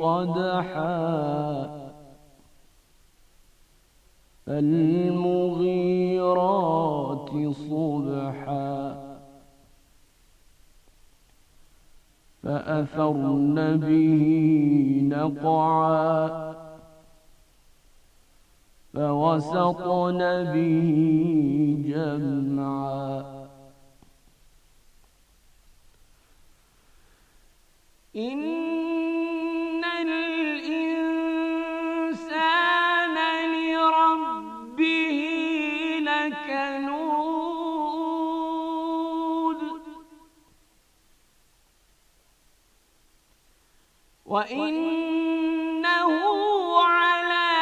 قدحا فالمغيرات صبحا فأثرن به نقعا فوسطن به جمعا إن وإنه على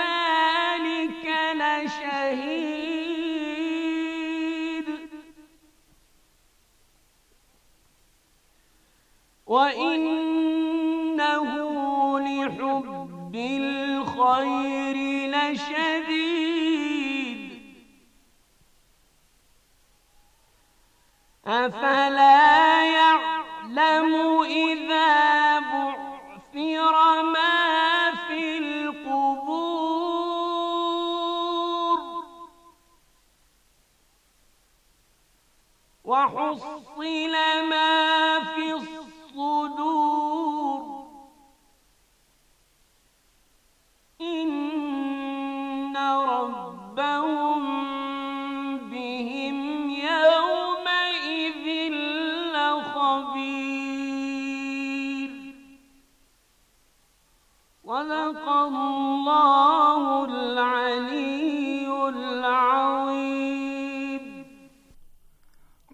ذلك لشهيد وإنه لحب الخير لشديد أفلا يعلم إذا وحصل ما في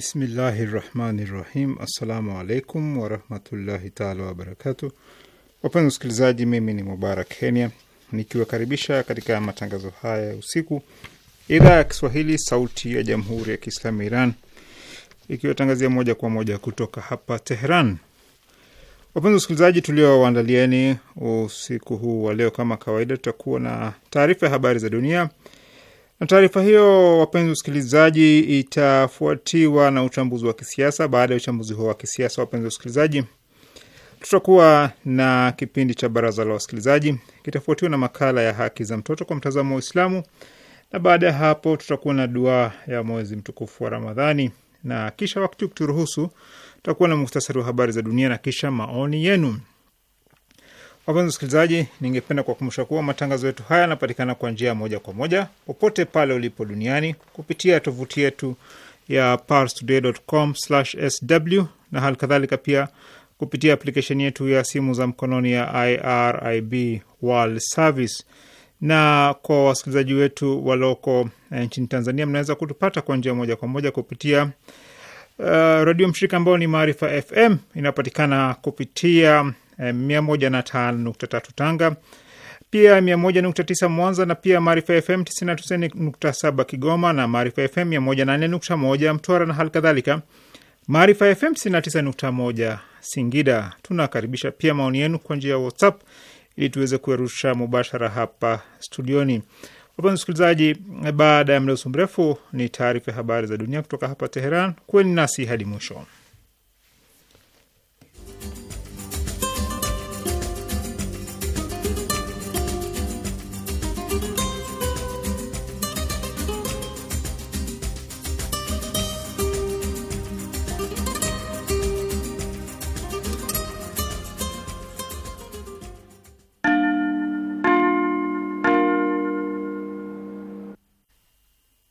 Bismillahi rahmani rahim. Assalamu alaikum warahmatullahi taala wabarakatu. Wapenzi wasikilizaji, mimi ni Mubarak Kenya nikiwakaribisha katika matangazo haya ya usiku, idhaa ya Kiswahili sauti ya jamhuri ya Kiislamu Iran ikiwatangazia moja kwa moja kutoka hapa Tehran. Wapenzi wasikilizaji, tuliowaandalieni usiku huu wa leo, kama kawaida, tutakuwa na taarifa ya habari za dunia na taarifa hiyo, wapenzi wasikilizaji, itafuatiwa na uchambuzi wa kisiasa. Baada ya uchambuzi huo wa kisiasa, wapenzi wasikilizaji, tutakuwa na kipindi cha baraza la wasikilizaji, kitafuatiwa na makala ya haki za mtoto kwa mtazamo wa Uislamu, na baada ya hapo tutakuwa na dua ya mwezi mtukufu wa Ramadhani, na kisha wakati ukituruhusu tutakuwa na muhtasari wa habari za dunia na kisha maoni yenu. Wapenzi msikilizaji, ningependa kuwakumbusha kuwa matangazo yetu haya yanapatikana kwa njia moja kwa moja popote pale ulipo duniani kupitia tovuti yetu ya parstoday.com/sw na hali kadhalika pia kupitia aplikesheni yetu ya simu za mkononi ya IRIB World Service. Na kwa wasikilizaji wetu walioko eh, nchini Tanzania, mnaweza kutupata kwa njia moja kwa moja kupitia uh, eh, redio mshirika ambayo ni Maarifa FM, inapatikana kupitia 105.3 eh, Tanga, pia 101.9 Mwanza na pia Maarifa FM 99.7 Kigoma na Maarifa FM 104.1 Mtwara na hali kadhalika Maarifa FM 99.1 Singida. Tunakaribisha pia maoni yenu kwa njia ya WhatsApp ili tuweze kuerusha mubashara hapa studioni. Wapenzi wasikilizaji, baada ya mda mrefu ni taarifa ya habari za dunia kutoka hapa Teheran. Kuweni nasi hadi mwisho.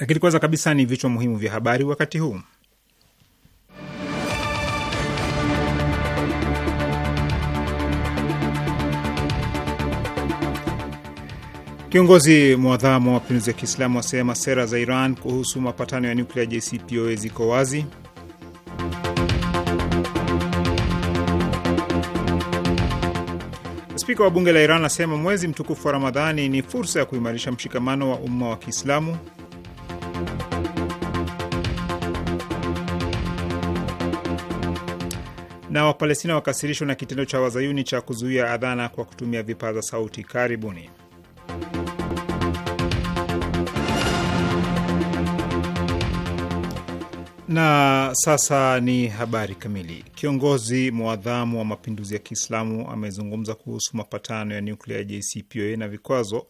Lakini kwanza kabisa ni vichwa muhimu vya habari wakati huu. Kiongozi mwadhamu wa mapinduzi ya Kiislamu asema sera za Iran kuhusu mapatano ya nyuklia JCPOA ziko wazi. Spika wa bunge la Iran asema mwezi mtukufu wa Ramadhani ni fursa ya kuimarisha mshikamano wa umma wa Kiislamu. na Wapalestina wakasirishwa na kitendo cha wazayuni cha kuzuia adhana kwa kutumia vipaza sauti. Karibuni. Na sasa ni habari kamili. Kiongozi mwadhamu wa mapinduzi ya Kiislamu amezungumza kuhusu mapatano ya nyuklia ya JCPOA na vikwazo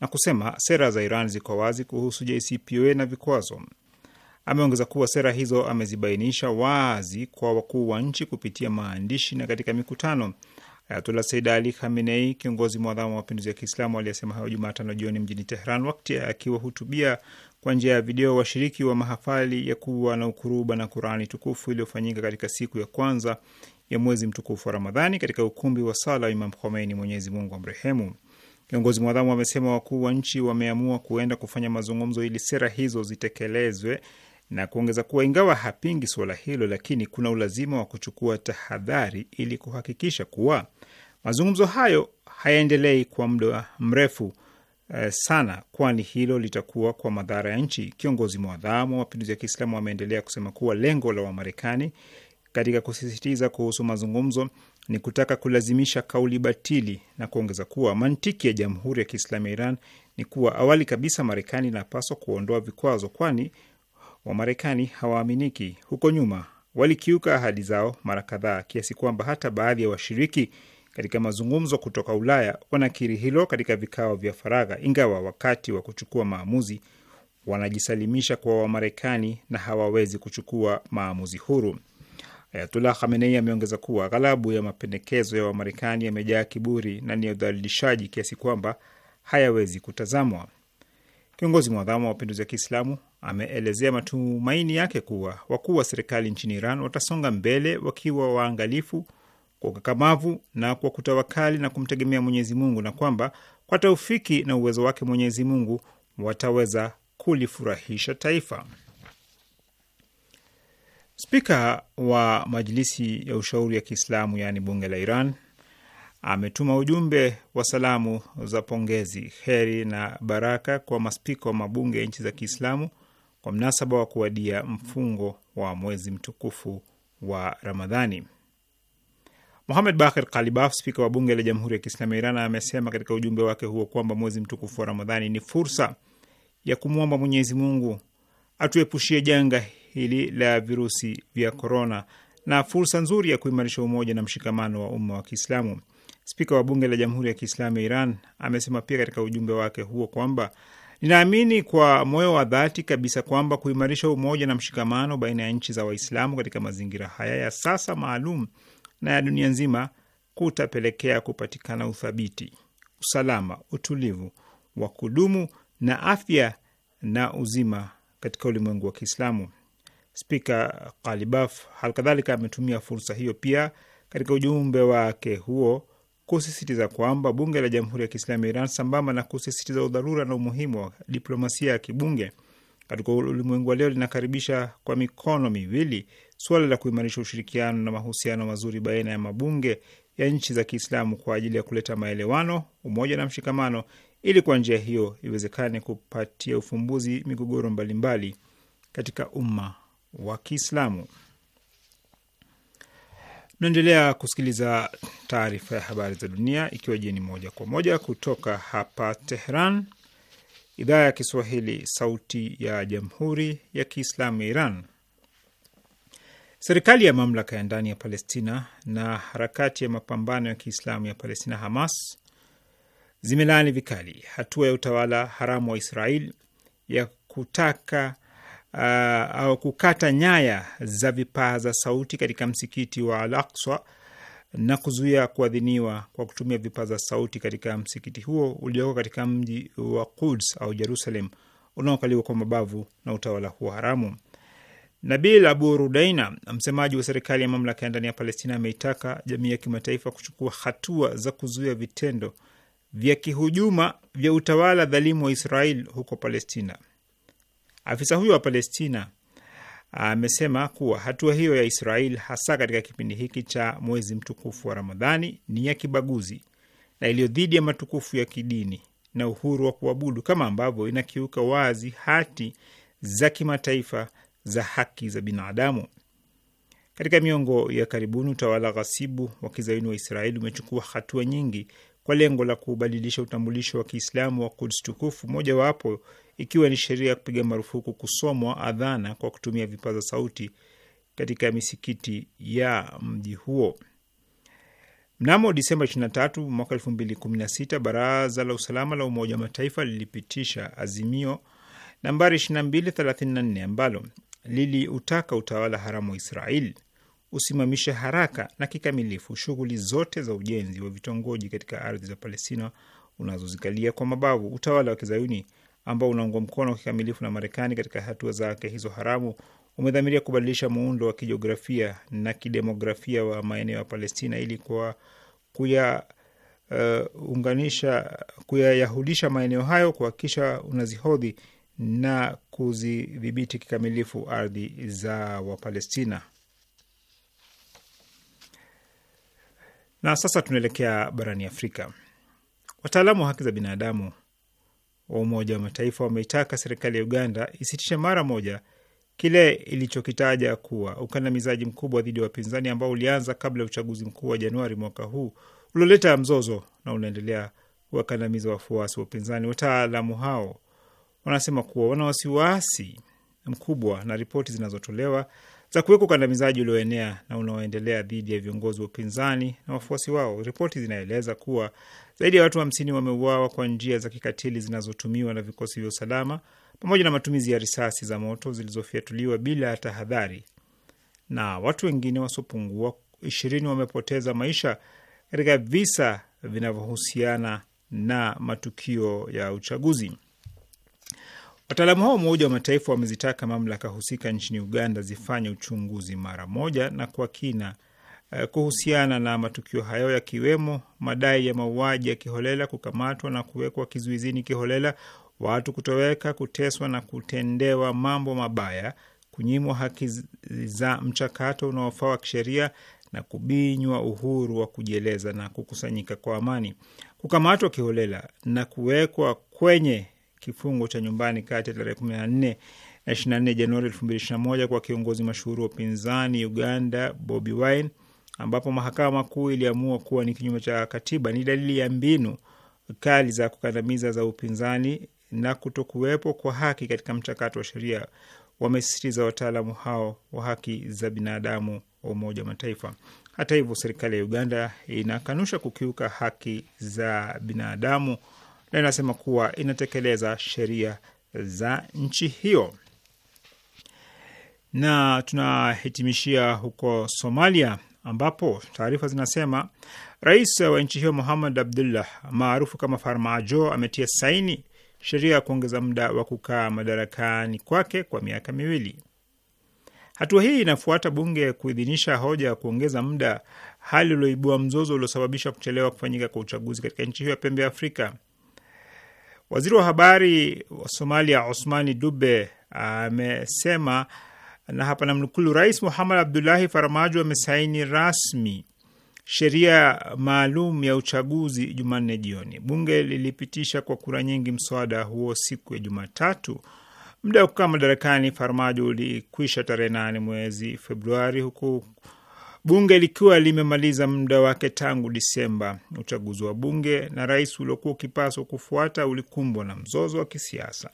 na kusema sera za Iran ziko wazi kuhusu JCPOA na vikwazo. Ameongeza kuwa sera hizo amezibainisha wazi kwa wakuu wa nchi kupitia maandishi na katika mikutano. Ayatola Said Ali Khamenei, kiongozi mwadhamu wa mapinduzi ya Kiislamu, aliyesema hayo Jumatano jioni mjini Tehran wakati akiwahutubia kwa njia ya video washiriki wa mahafali ya kuwa na ukuruba na Kurani tukufu iliyofanyika katika siku ya kwanza ya mwezi mtukufu wa Ramadhani katika ukumbi wa sala wa Imam Khomeini, Mwenyezi Mungu amrehemu. Kiongozi mwadhamu amesema wakuu wa nchi wameamua kuenda kufanya mazungumzo ili sera hizo zitekelezwe na kuongeza kuwa ingawa hapingi suala hilo, lakini kuna ulazima wa kuchukua tahadhari ili kuhakikisha kuwa mazungumzo hayo hayaendelei kwa muda mrefu eh, sana, kwani hilo litakuwa kwa madhara ya nchi. Kiongozi mwadhamu wa mapinduzi ya Kiislamu ameendelea kusema kuwa lengo la Wamarekani katika kusisitiza kuhusu mazungumzo ni kutaka kulazimisha kauli batili, na kuongeza kuwa mantiki ya Jamhuri ya Kiislamu ya Iran ni kuwa awali kabisa Marekani inapaswa kuondoa vikwazo, kwani wa Marekani hawaaminiki. Huko nyuma walikiuka ahadi zao mara kadhaa kiasi kwamba hata baadhi ya washiriki katika mazungumzo kutoka Ulaya wanakiri hilo katika vikao vya faragha, ingawa wakati wa kuchukua maamuzi wanajisalimisha kwa Wamarekani na hawawezi kuchukua maamuzi huru. Ayatullah Khamenei ameongeza kuwa ghalabu ya mapendekezo ya Wamarekani yamejaa kiburi na ni udhalilishaji kiasi kwamba hayawezi kutazamwa. Kiongozi mwadhamu wa mapinduzi ya Kiislamu ameelezea matumaini yake kuwa wakuu wa serikali nchini Iran watasonga mbele wakiwa waangalifu, kwa ukakamavu na kwa kutawakali na kumtegemea Mwenyezi Mungu, na kwamba kwa taufiki na uwezo wake Mwenyezi Mungu wataweza kulifurahisha taifa. Spika wa Majilisi ya Ushauri ya Kiislamu, yaani bunge la Iran, ametuma ujumbe wa salamu za pongezi, heri na baraka kwa maspika wa mabunge ya nchi za Kiislamu kwa mnasaba wa kuwadia mfungo wa mwezi mtukufu wa Ramadhani. Muhamed Bakir Kalibaf, spika wa bunge la Jamhuri ya Kiislamu ya Iran, amesema katika ujumbe wake huo kwamba mwezi mtukufu wa Ramadhani ni fursa ya kumwomba Mwenyezi Mungu atuepushie janga hili la virusi vya korona na fursa nzuri ya kuimarisha umoja na mshikamano wa umma wa Kiislamu. Spika wa bunge la Jamhuri ya Kiislamu ya Iran amesema pia katika ujumbe wake huo kwamba Ninaamini kwa moyo wa dhati kabisa kwamba kuimarisha umoja na mshikamano baina ya nchi za Waislamu katika mazingira haya ya sasa maalum na ya dunia nzima kutapelekea kupatikana uthabiti, usalama, utulivu wa kudumu na afya na uzima katika ulimwengu wa Kiislamu. Spika Kalibaf halikadhalika ametumia fursa hiyo pia katika ujumbe wake huo kusisitiza kwamba bunge la Jamhuri ya Kiislamu ya Iran, sambamba na kusisitiza udharura na umuhimu wa diplomasia ya kibunge katika ulimwengu wa leo, linakaribisha kwa mikono miwili suala la kuimarisha ushirikiano na mahusiano mazuri baina ya mabunge ya nchi za Kiislamu kwa ajili ya kuleta maelewano, umoja na mshikamano, ili kwa njia hiyo iwezekane kupatia ufumbuzi migogoro mbalimbali katika umma wa Kiislamu. Tunaendelea kusikiliza taarifa ya habari za dunia ikiwa jieni moja kwa moja kutoka hapa Tehran, idhaa ya Kiswahili, sauti ya jamhuri ya kiislamu ya Iran. Serikali ya mamlaka ya ndani ya Palestina na harakati ya mapambano ya kiislamu ya Palestina, Hamas, zimelaani vikali hatua ya utawala haramu wa Israel ya kutaka uh, au kukata nyaya za vipaza sauti katika msikiti wa Al-Aqsa na kuzuia kuadhiniwa kwa kutumia vipaza sauti katika msikiti huo ulioko katika mji wa Quds au Jerusalem unaokaliwa kwa mabavu na utawala huo haramu. Nabil Abu Rudaina, msemaji wa serikali ya mamlaka ya ndani ya Palestina, ameitaka jamii ya kimataifa kuchukua hatua za kuzuia vitendo vya kihujuma vya utawala dhalimu wa Israel huko Palestina. Afisa huyo wa Palestina amesema kuwa hatua hiyo ya Israel hasa katika kipindi hiki cha mwezi mtukufu wa Ramadhani ni ya kibaguzi na iliyo dhidi ya matukufu ya kidini na uhuru wa kuabudu, kama ambavyo inakiuka wazi hati za kimataifa za haki za binadamu. Katika miongo ya karibuni, utawala ghasibu wa kizayuni wa Israeli umechukua hatua nyingi kwa lengo la kubadilisha utambulisho wa Kiislamu wa Kuds tukufu, mojawapo ikiwa ni sheria ya kupiga marufuku kusomwa adhana kwa kutumia vipaza sauti katika misikiti ya mji huo. Mnamo Disemba 23 mwaka 2016, Baraza la Usalama la Umoja wa Mataifa lilipitisha azimio nambari 2234 ambalo liliutaka utawala haramu wa Israeli usimamishe haraka na kikamilifu shughuli zote za ujenzi wa vitongoji katika ardhi za Palestina unazozikalia kwa mabavu. Utawala wa kizayuni ambao unaungwa mkono kikamilifu na Marekani katika hatua zake hizo haramu umedhamiria kubadilisha muundo wa kijiografia na kidemografia wa maeneo ya Palestina ili kwa kuyaunganisha uh, kuyayahudisha maeneo hayo, kuhakikisha unazihodhi na kuzidhibiti kikamilifu ardhi za Wapalestina. Na sasa tunaelekea barani Afrika. Wataalamu wa haki za binadamu wa Umoja wa Mataifa wameitaka serikali ya Uganda isitishe mara moja kile ilichokitaja kuwa ukandamizaji mkubwa dhidi ya wa wapinzani ambao ulianza kabla ya uchaguzi mkuu wa Januari mwaka huu ulioleta mzozo na unaendelea kuwakandamiza wafuasi wa upinzani. Wataalamu hao wanasema kuwa wana wasiwasi mkubwa na ripoti zinazotolewa za kuweka ukandamizaji ulioenea na unaoendelea dhidi ya viongozi wa upinzani na wafuasi wao. Ripoti zinaeleza kuwa zaidi ya watu hamsini wa wameuawa kwa njia za kikatili zinazotumiwa na vikosi vya usalama pamoja na matumizi ya risasi za moto zilizofyatuliwa bila ya tahadhari, na watu wengine wasiopungua ishirini wamepoteza maisha katika visa vinavyohusiana na matukio ya uchaguzi. Wataalamu hao wa Umoja wa Mataifa wamezitaka mamlaka husika nchini Uganda zifanye uchunguzi mara moja na kwa kina eh, kuhusiana na matukio hayo yakiwemo madai ya mauaji ya kiholela, kukamatwa na kuwekwa kizuizini kiholela, watu kutoweka, kuteswa na kutendewa mambo mabaya, kunyimwa haki za mchakato unaofaa wa kisheria na kubinywa uhuru wa kujieleza na kukusanyika kwa amani. Kukamatwa kiholela na kuwekwa kwenye kifungo cha nyumbani kati ya tarehe 14 na 24 Januari 2021 kwa kiongozi mashuhuri wa upinzani Uganda Bobi Wine, ambapo mahakama kuu iliamua kuwa ni kinyume cha katiba, ni dalili ya mbinu kali za kukandamiza za upinzani na kutokuwepo kwa haki katika mchakato wa sheria, wamesisitiza wataalamu hao wa haki za binadamu wa Umoja wa Mataifa. Hata hivyo, serikali ya Uganda inakanusha kukiuka haki za binadamu na inasema kuwa inatekeleza sheria za nchi hiyo. Na tunahitimishia huko Somalia ambapo taarifa zinasema rais wa nchi hiyo muhamad Abdullah maarufu kama Farmajo ametia saini sheria ya kuongeza muda wa kukaa madarakani kwake kwa miaka miwili. Hatua hii inafuata bunge kuidhinisha hoja ya kuongeza muda, hali ulioibua mzozo uliosababisha kuchelewa kufanyika kwa uchaguzi katika nchi hiyo ya pembe ya Afrika. Waziri wa habari wa Somalia Osmani Dube amesema na hapa namnukulu, Rais Muhammad Abdullahi Farmajo amesaini rasmi sheria maalum ya uchaguzi Jumanne jioni. Bunge lilipitisha kwa kura nyingi mswada huo siku ya Jumatatu. Muda wa kukaa madarakani Farmajo ulikwisha tarehe nane mwezi Februari, huku bunge likiwa limemaliza muda wake tangu Disemba. Uchaguzi wa bunge na rais uliokuwa ukipaswa kufuata ulikumbwa na mzozo wa kisiasa.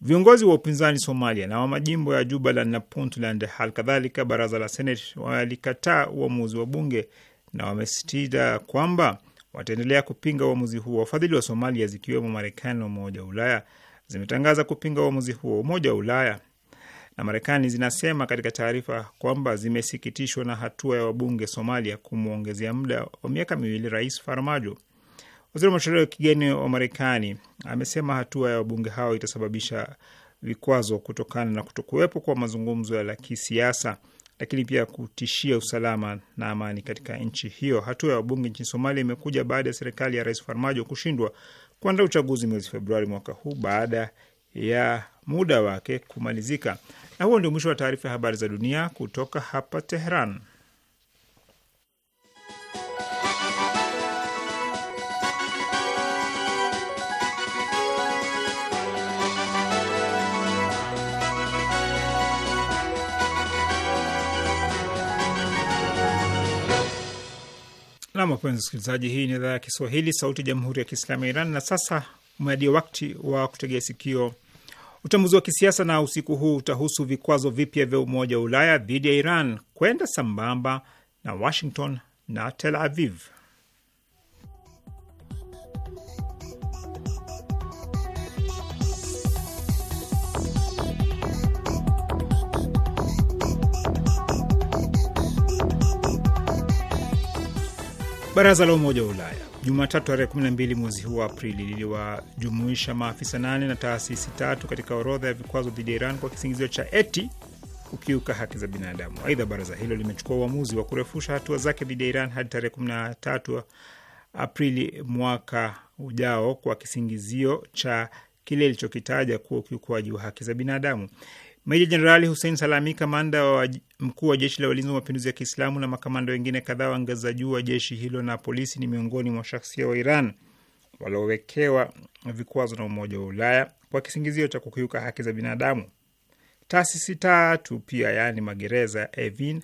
Viongozi wa upinzani Somalia na wa majimbo ya Jubaland na Puntland, hal kadhalika baraza la senate walikataa uamuzi wa bunge na wamesisitiza kwamba wataendelea kupinga uamuzi huo. Wafadhili wa Somalia, zikiwemo Marekani na Umoja wa Ulaya, zimetangaza kupinga uamuzi huo. Umoja wa Ulaya na Marekani zinasema katika taarifa kwamba zimesikitishwa na hatua ya wabunge Somalia kumwongezea muda wa miaka miwili Rais Farmajo. Waziri wa mashauri ya kigeni wa Marekani amesema hatua ya wabunge hao itasababisha vikwazo kutokana na kutokuwepo kwa mazungumzo ya kisiasa, lakini pia kutishia usalama na amani katika nchi hiyo. Hatua ya wabunge nchini Somalia imekuja baada ya serikali ya Rais Farmajo kushindwa kuandaa uchaguzi mwezi Februari mwaka huu baada ya muda wake kumalizika. Na huo ndio mwisho wa taarifa ya habari za dunia kutoka hapa teheran Nam, wapenzi wasikilizaji, hii ni idhaa ya Kiswahili, sauti ya jamhuri ya kiislamu ya Iran. Na sasa umeadia wakati wa kutegea sikio Uchambuzi wa kisiasa na usiku huu utahusu vikwazo vipya vya Umoja wa Ulaya dhidi ya Iran kwenda sambamba na Washington na Tel Aviv. Baraza la Umoja wa Ulaya Jumatatu tarehe 12 mwezi huu wa Aprili liliwajumuisha maafisa nane na taasisi tatu katika orodha ya vikwazo dhidi ya Iran kwa kisingizio cha eti kukiuka haki za binadamu. Aidha, baraza hilo limechukua uamuzi wa kurefusha hatua zake dhidi ya Iran hadi tarehe 13 Aprili mwaka ujao kwa kisingizio cha kile ilichokitaja kuwa ukiukuaji wa haki za binadamu. Meja Jenerali Hussein Salami, kamanda wa mkuu wa jeshi la walinzi wa mapinduzi ya Kiislamu, na makamanda wengine kadhaa wa ngazi za juu wa jeshi hilo na polisi ni miongoni mwa shahsia wa Iran waliowekewa vikwazo na Umoja wa Ulaya kwa kisingizio cha kukiuka haki za binadamu. Taasisi tatu pia, yaani magereza Evin,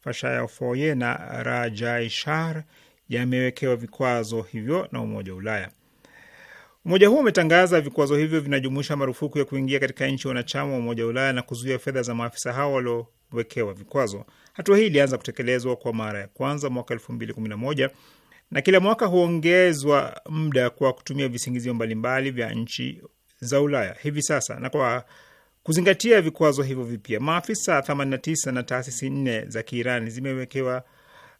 Fashayafoye na Rajai Shahr yamewekewa vikwazo hivyo na Umoja wa Ulaya. Umoja huo umetangaza vikwazo hivyo vinajumuisha marufuku ya kuingia katika nchi wanachama wa Umoja wa Ulaya na kuzuia fedha za maafisa hao waliowekewa vikwazo. Hatua hii ilianza kutekelezwa kwa mara ya kwanza mwaka elfu mbili kumi na moja na kila mwaka huongezwa muda kwa kutumia visingizio mbalimbali vya nchi za Ulaya hivi sasa. Na kwa kuzingatia vikwazo hivyo vipya, maafisa 89 na taasisi nne za Kiirani zimewekewa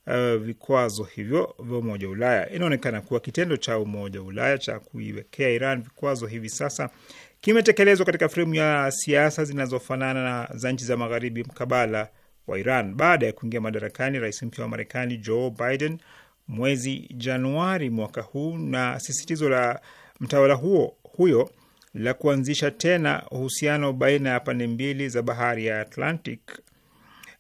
uh, vikwazo hivyo vya Umoja wa Ulaya. Inaonekana kuwa kitendo cha Umoja wa Ulaya cha kuiwekea Iran vikwazo hivi sasa kimetekelezwa katika fremu ya siasa zinazofanana na za nchi za magharibi mkabala wa Iran. Baada ya kuingia madarakani rais mpya wa Marekani Joe Biden mwezi Januari mwaka huu na sisitizo la mtawala huo huyo la kuanzisha tena uhusiano baina ya pande mbili za bahari ya Atlantic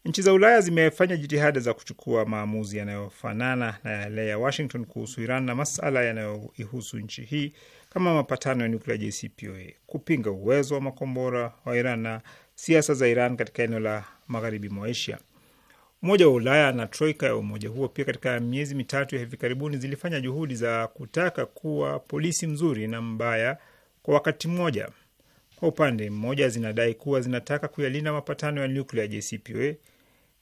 Nchi za Ulaya zimefanya jitihada za kuchukua maamuzi yanayofanana na yale ya Washington kuhusu Iran na masala yanayoihusu nchi hii kama mapatano ya nuklia JCPOA, kupinga uwezo wa makombora wa Iran na siasa za Iran katika eneo la magharibi mwa Asia. Umoja wa Ulaya na troika ya umoja huo pia katika miezi mitatu ya hivi karibuni zilifanya juhudi za kutaka kuwa polisi mzuri na mbaya kwa wakati mmoja. Kwa upande mmoja, zinadai kuwa zinataka kuyalinda mapatano ya nuklia JCPOA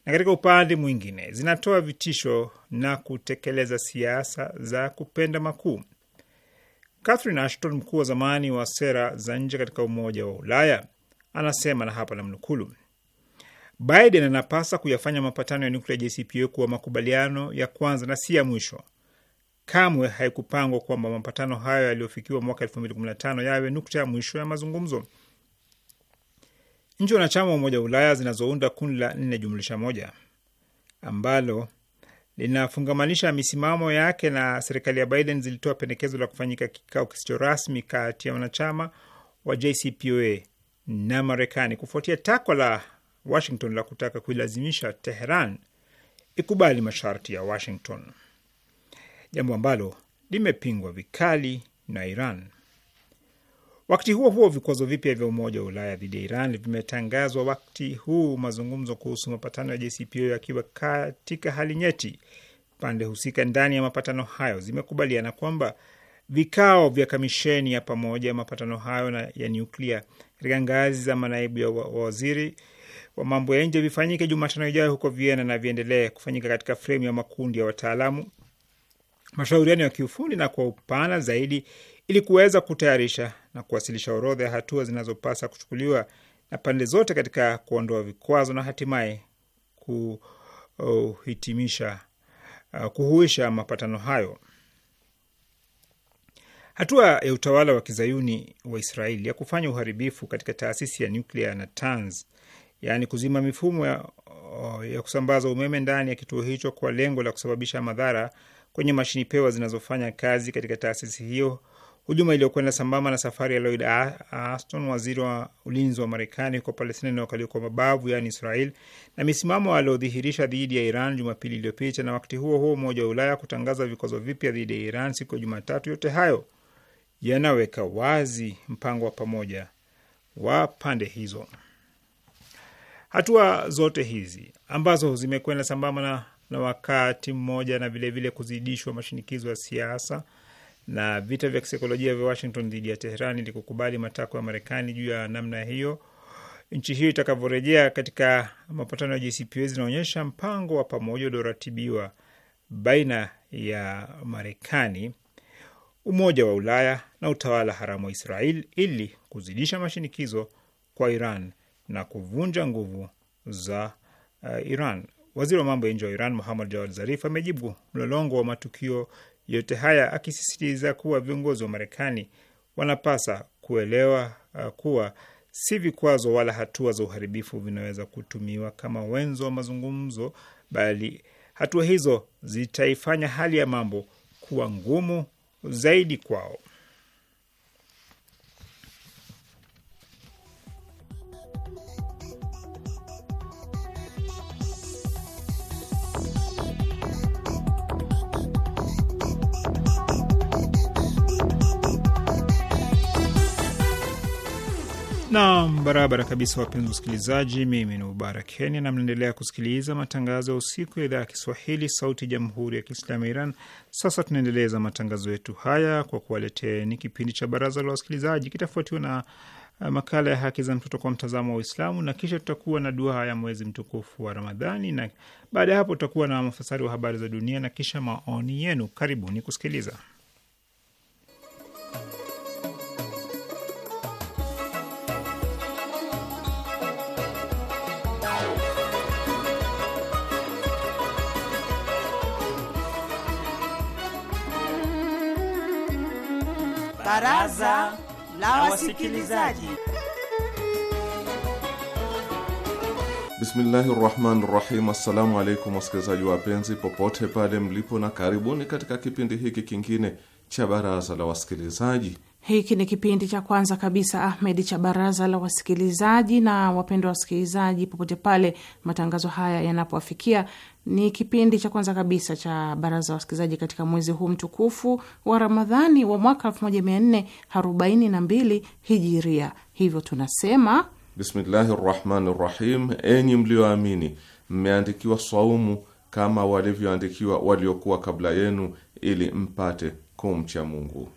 na katika upande mwingine zinatoa vitisho na kutekeleza siasa za kupenda makuu. Catherine Ashton, mkuu wa zamani wa sera za nje katika Umoja wa Ulaya, anasema na hapa namnukulu: Biden anapasa kuyafanya mapatano ya nuklia JCPOA kuwa makubaliano ya kwanza na si ya mwisho. Kamwe haikupangwa kwamba mapatano hayo yaliyofikiwa mwaka 2015 yawe nukta ya mwisho ya mazungumzo. Nchi wanachama wa Umoja wa Ulaya zinazounda kundi la nne jumlisha moja ambalo linafungamanisha misimamo yake na serikali ya Biden zilitoa pendekezo la kufanyika kikao kisicho rasmi kati ya wanachama wa JCPOA na Marekani kufuatia takwa la Washington la kutaka kuilazimisha Teheran ikubali masharti ya Washington, jambo ambalo limepingwa vikali na Iran. Wakati huo huo, vikwazo vipya vya Umoja wa Ulaya dhidi ya Iran vimetangazwa wakati huu mazungumzo kuhusu mapatano ya JCPOA yakiwa katika hali nyeti. Pande husika ndani ya mapatano hayo zimekubaliana kwamba vikao vya kamisheni ya pamoja ya mapatano hayo na ya nyuklia katika ngazi za manaibu ya waziri wa mambo ya nje vifanyike Jumatano ijayo huko Vienna na viendelee kufanyika katika fremu ya makundi ya wataalamu, mashauriano ya kiufundi na kwa upana zaidi ili kuweza kutayarisha na kuwasilisha orodha ya hatua zinazopasa kuchukuliwa na pande zote katika kuondoa vikwazo na hatimaye kuhitimisha uh, kuhuisha mapatano hayo. Hatua ya utawala wa kizayuni wa Israeli ya kufanya uharibifu katika taasisi ya nuklia na Natanz, yaani kuzima mifumo ya, uh, ya kusambaza umeme ndani ya kituo hicho kwa lengo la kusababisha madhara kwenye mashini pewa zinazofanya kazi katika taasisi hiyo hujuma iliyokwenda sambamba na safari ya Lloyd Aston, waziri wa ulinzi wa Marekani huko Palestina inayokaliwa kwa mabavu, yaani Israel, na misimamo aliodhihirisha dhidi ya Iran Jumapili iliyopita, na wakati huo huo Umoja wa Ulaya kutangaza vikwazo vipya dhidi ya Iran siku ya Jumatatu. Yote hayo yanaweka wazi mpango wa pamoja wa pande hizo. Hatua zote hizi ambazo zimekwenda sambamba na, na wakati mmoja na vilevile kuzidishwa mashinikizo ya siasa na vita vya kisaikolojia vya Washington dhidi ya Teheran ili kukubali matakwa ya Marekani juu ya namna hiyo nchi hiyo itakavyorejea katika mapatano ya JCPOA zinaonyesha mpango wa pamoja ulioratibiwa baina ya Marekani, Umoja wa Ulaya na utawala haramu wa Israel ili kuzidisha mashinikizo kwa Iran na kuvunja nguvu za uh, Iran. Waziri wa mambo ya nje wa Iran Muhammad Jawad Zarif amejibu mlolongo wa matukio yote haya akisisitiza kuwa viongozi wa Marekani wanapasa kuelewa uh, kuwa si vikwazo wala hatua za uharibifu vinaweza kutumiwa kama wenzo wa mazungumzo, bali hatua hizo zitaifanya hali ya mambo kuwa ngumu zaidi kwao. Nam, barabara kabisa, wapenzi wasikilizaji, mimi ni Mubarak Kenya na mnaendelea kusikiliza matangazo ya usiku ya idhaa ya Kiswahili sauti ya jamhuri ya kiislamu ya Iran. Sasa tunaendeleza matangazo yetu haya kwa ni kipindi cha baraza la wasikilizaji, kitafuatiwa na eh, makala ya haki za mtoto kwa mtazamo wa Uislamu, na kisha tutakuwa na dua ya mwezi mtukufu wa Ramadhani, na baada ya hapo tutakuwa na mafasari wa habari za dunia na kisha maoni yenu. Karibuni kusikiliza. Baraza la Wasikilizaji. Bismillahi rahmani rahim. Assalamu alaikum wasikilizaji wapenzi popote pale mlipo, na karibuni katika kipindi hiki kingine cha Baraza la Wasikilizaji. Hiki ni kipindi cha kwanza kabisa Ahmed cha baraza la wasikilizaji, na wapendwa wasikilizaji, popote pale matangazo haya yanapowafikia, ni kipindi cha kwanza kabisa cha baraza la wasikilizaji katika mwezi huu mtukufu wa Ramadhani wa mwaka 1442 Hijiria. Hivyo tunasema bismillahi rahmani rahim, enyi mlioamini mmeandikiwa swaumu kama walivyoandikiwa waliokuwa kabla yenu, ili mpate kumcha Mungu.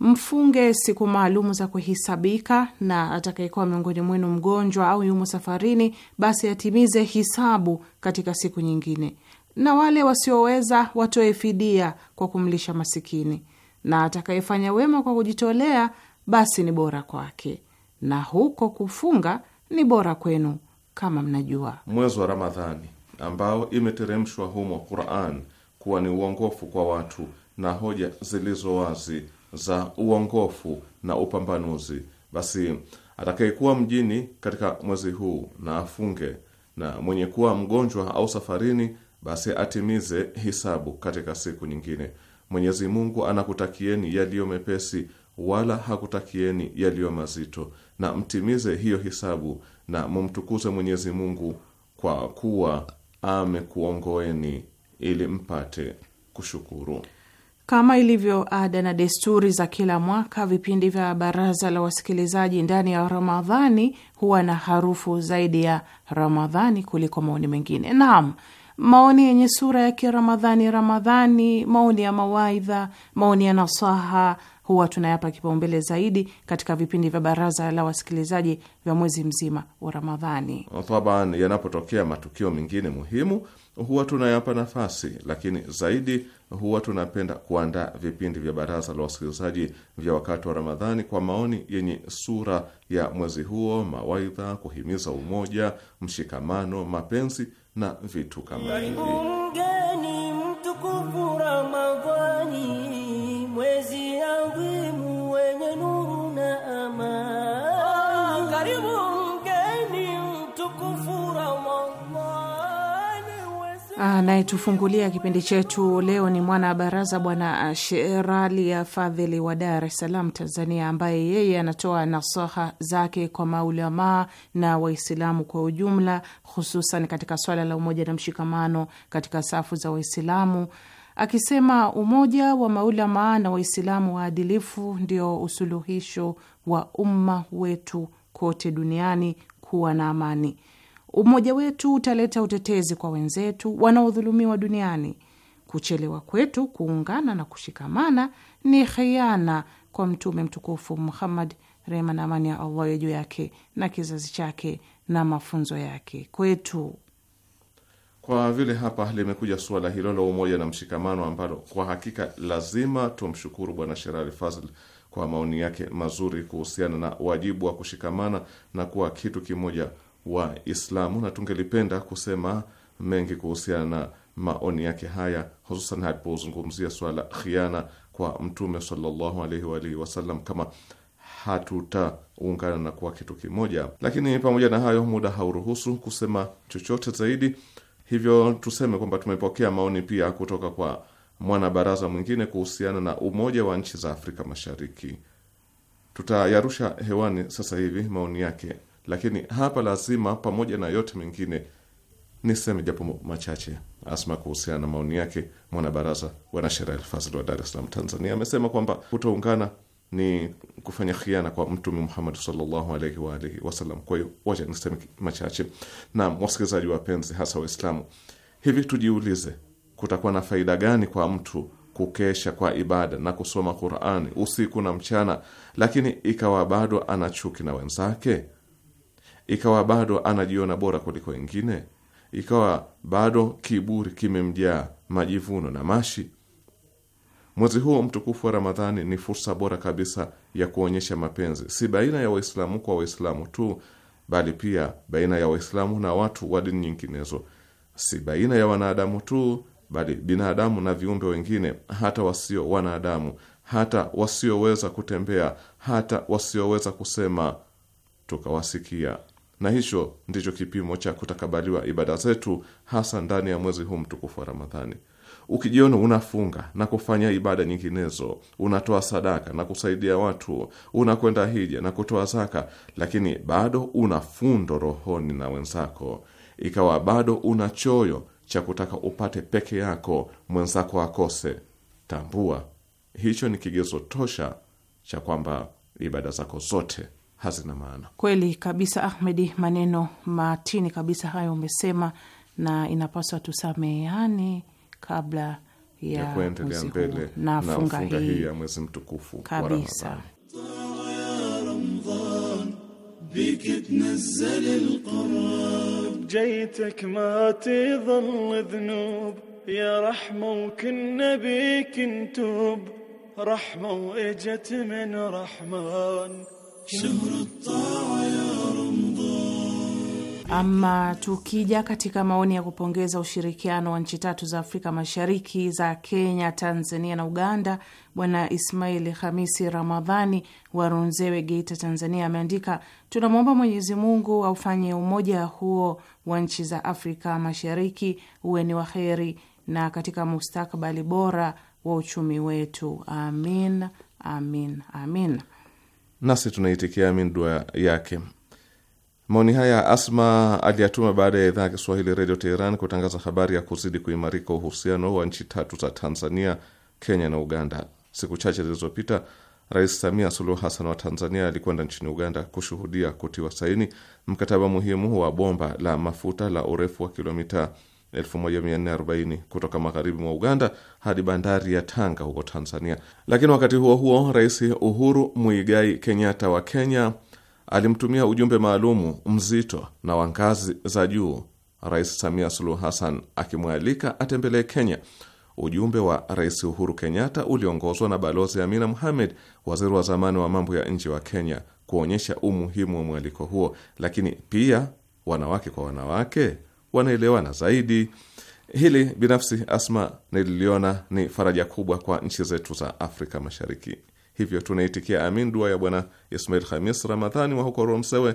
Mfunge siku maalumu za kuhisabika, na atakayekuwa miongoni mwenu mgonjwa au yumo safarini, basi atimize hisabu katika siku nyingine, na wale wasioweza watoe fidia kwa kumlisha masikini, na atakayefanya wema kwa kujitolea, basi ni bora kwake, na huko kufunga ni bora kwenu, kama mnajua mwezi wa Ramadhani ambao imeteremshwa humo Quran kuwa ni uongofu kwa watu na hoja zilizo wazi za uongofu na upambanuzi, basi atakayekuwa mjini katika mwezi huu na afunge, na mwenye kuwa mgonjwa au safarini, basi atimize hisabu katika siku nyingine. Mwenyezi Mungu anakutakieni yaliyo mepesi, wala hakutakieni yaliyo mazito, na mtimize hiyo hisabu na mumtukuze Mwenyezi Mungu kwa kuwa amekuongoeni ili mpate kushukuru. Kama ilivyo ada na desturi za kila mwaka, vipindi vya baraza la wasikilizaji ndani ya Ramadhani huwa na harufu zaidi ya Ramadhani kuliko maoni mengine. Naam, maoni yenye sura ya Kiramadhani, Ramadhani, maoni ya mawaidha, maoni ya nasaha huwa tunayapa kipaumbele zaidi katika vipindi vya baraza la wasikilizaji vya mwezi mzima wa Ramadhani. Taban, yanapotokea matukio mengine muhimu huwa tunayapa nafasi, lakini zaidi huwa tunapenda kuandaa vipindi vya baraza la wasikilizaji vya wakati wa Ramadhani kwa maoni yenye sura ya mwezi huo, mawaidha, kuhimiza umoja, mshikamano, mapenzi na vitu kama hivi. Anayetufungulia kipindi chetu leo ni mwana baraza Bwana Sherali ya Fadhili wa Dar es Salaam, Tanzania, ambaye yeye anatoa nasaha zake kwa maulamaa na Waislamu kwa ujumla, hususan katika swala la umoja na mshikamano katika safu za Waislamu, akisema umoja wa maulamaa na Waislamu waadilifu ndio usuluhisho wa umma wetu kote duniani kuwa na amani. Umoja wetu utaleta utetezi kwa wenzetu wanaodhulumiwa duniani. Kuchelewa kwetu kuungana na kushikamana ni khiana kwa Mtume mtukufu Muhammad, rehma na amani ya Allah ya juu yake na kizazi chake na mafunzo yake kwetu. Kwa vile hapa limekuja suala hilo la umoja na mshikamano, ambalo kwa hakika lazima tumshukuru Bwana Sherali Fazl kwa maoni yake mazuri kuhusiana na wajibu wa kushikamana na kuwa kitu kimoja wa Islamu, na tungelipenda kusema mengi kuhusiana na maoni yake haya, hususan alipozungumzia swala khiana kwa Mtume sallallahu alaihi wa alihi wasallam, kama hatutaungana na kuwa kitu kimoja. Lakini pamoja na hayo, muda hauruhusu kusema chochote zaidi, hivyo tuseme kwamba tumepokea maoni pia kutoka kwa mwanabaraza mwingine kuhusiana na umoja wa nchi za Afrika Mashariki. Tutayarusha hewani sasa hivi maoni yake lakini hapa lazima, pamoja na yote mengine, niseme japo machache Asma kuhusiana na maoni yake. Mwanabaraza wanasheria Alfazl wa Dar es Salaam, Tanzania, amesema kwamba kutoungana ni kufanya khiana kwa Mtume Muhammad sallallahu alaihi wa alihi wasallam. Kwa hiyo wacha niseme machache. Naam, wasikilizaji wapenzi, hasa Waislamu, hivi tujiulize, kutakuwa na faida gani kwa mtu kukesha kwa ibada na kusoma Qur'ani usiku na mchana, lakini ikawa bado ana chuki na wenzake? ikawa bado anajiona bora kuliko wengine, ikawa bado kiburi kimemjaa, majivuno na mashi. Mwezi huo mtukufu wa Ramadhani ni fursa bora kabisa ya kuonyesha mapenzi, si baina ya Waislamu kwa Waislamu tu, bali pia baina ya Waislamu na watu wa dini nyinginezo, si baina ya wanadamu tu, bali binadamu na viumbe wengine, hata wasio wanadamu, hata wasioweza kutembea, hata wasioweza kusema, tukawasikia na hicho ndicho kipimo cha kutakabaliwa ibada zetu, hasa ndani ya mwezi huu mtukufu wa Ramadhani. Ukijiona unafunga na kufanya ibada nyinginezo, unatoa sadaka na kusaidia watu, unakwenda hija na kutoa zaka, lakini bado una fundo rohoni na wenzako, ikawa bado una choyo cha kutaka upate peke yako, mwenzako akose, tambua hicho ni kigezo tosha cha kwamba ibada zako zote hazina maana. Kweli kabisa, Ahmedi, maneno matini kabisa hayo umesema, na inapaswa tusameheane kabla ya, ya kuendelea mbele na funga hii ya mwezi mtukufu kabisa. Ama tukija katika maoni ya kupongeza ushirikiano wa nchi tatu za Afrika Mashariki za Kenya, Tanzania na Uganda, Bwana Ismaili Hamisi Ramadhani wa Runzewe, Geita, Tanzania, ameandika tunamwomba Mwenyezi Mungu aufanye umoja huo wa nchi za Afrika Mashariki uwe ni waheri na katika mustakabali bora wa uchumi wetu. Amin, amin, amin nasi tunaitikia amin dua yake. Maoni haya Asma aliyatuma baada ya idhaa ya Kiswahili Redio Teheran kutangaza habari ya kuzidi kuimarika uhusiano wa nchi tatu za Tanzania, Kenya na Uganda. Siku chache zilizopita, Rais Samia Suluhu Hassan wa Tanzania alikwenda nchini Uganda kushuhudia kutiwa saini mkataba muhimu wa bomba la mafuta la urefu wa kilomita 1440 kutoka magharibi mwa Uganda hadi bandari ya Tanga huko Tanzania. Lakini wakati huo huo, Rais Uhuru Muigai Kenyatta wa Kenya alimtumia ujumbe maalumu mzito na wa ngazi za juu Rais Samia Suluhu Hassan akimwalika atembelee Kenya. Ujumbe wa Rais Uhuru Kenyatta uliongozwa na Balozi Amina Mohamed, waziri wa zamani wa mambo ya nje wa Kenya, kuonyesha umuhimu wa mwaliko huo, lakini pia wanawake kwa wanawake wanaelewana zaidi. Hili binafsi, Asma, nililiona ni faraja kubwa kwa nchi zetu za Afrika Mashariki. Hivyo tunaitikia amin dua ya Bwana Ismail Khamis Ramadhani wa huko Romsewe,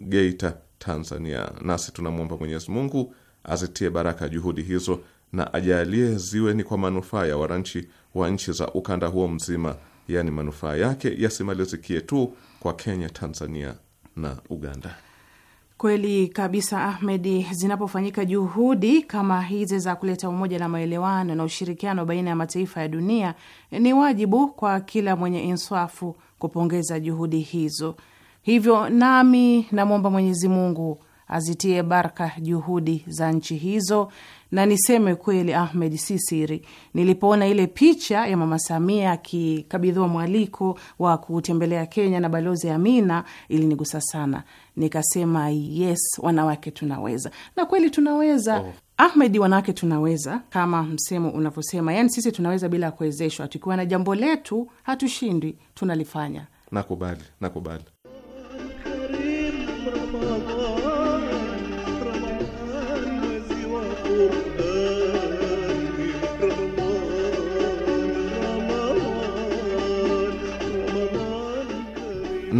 Geita, Tanzania. Nasi tunamwomba Mwenyezi Mungu azitie baraka juhudi hizo na ajalie ziwe ni kwa manufaa ya wananchi wa nchi za ukanda huo mzima, yaani manufaa yake yasimalizikie tu kwa Kenya, Tanzania na Uganda. Kweli kabisa Ahmedi, zinapofanyika juhudi kama hizi za kuleta umoja na maelewano na ushirikiano baina ya mataifa ya dunia, ni wajibu kwa kila mwenye inswafu kupongeza juhudi hizo. Hivyo nami namwomba Mwenyezi Mungu azitie baraka juhudi za nchi hizo na niseme kweli, Ahmed, si siri, nilipoona ile picha ya Mama Samia akikabidhiwa mwaliko wa kutembelea Kenya na Balozi Amina ilinigusa sana, nikasema yes, wanawake tunaweza, na kweli tunaweza oh. Ahmed, wanawake tunaweza, kama msemo unavyosema, yani sisi tunaweza bila ya kuwezeshwa. Tukiwa na jambo letu hatushindwi, tunalifanya. Nakubali, nakubali.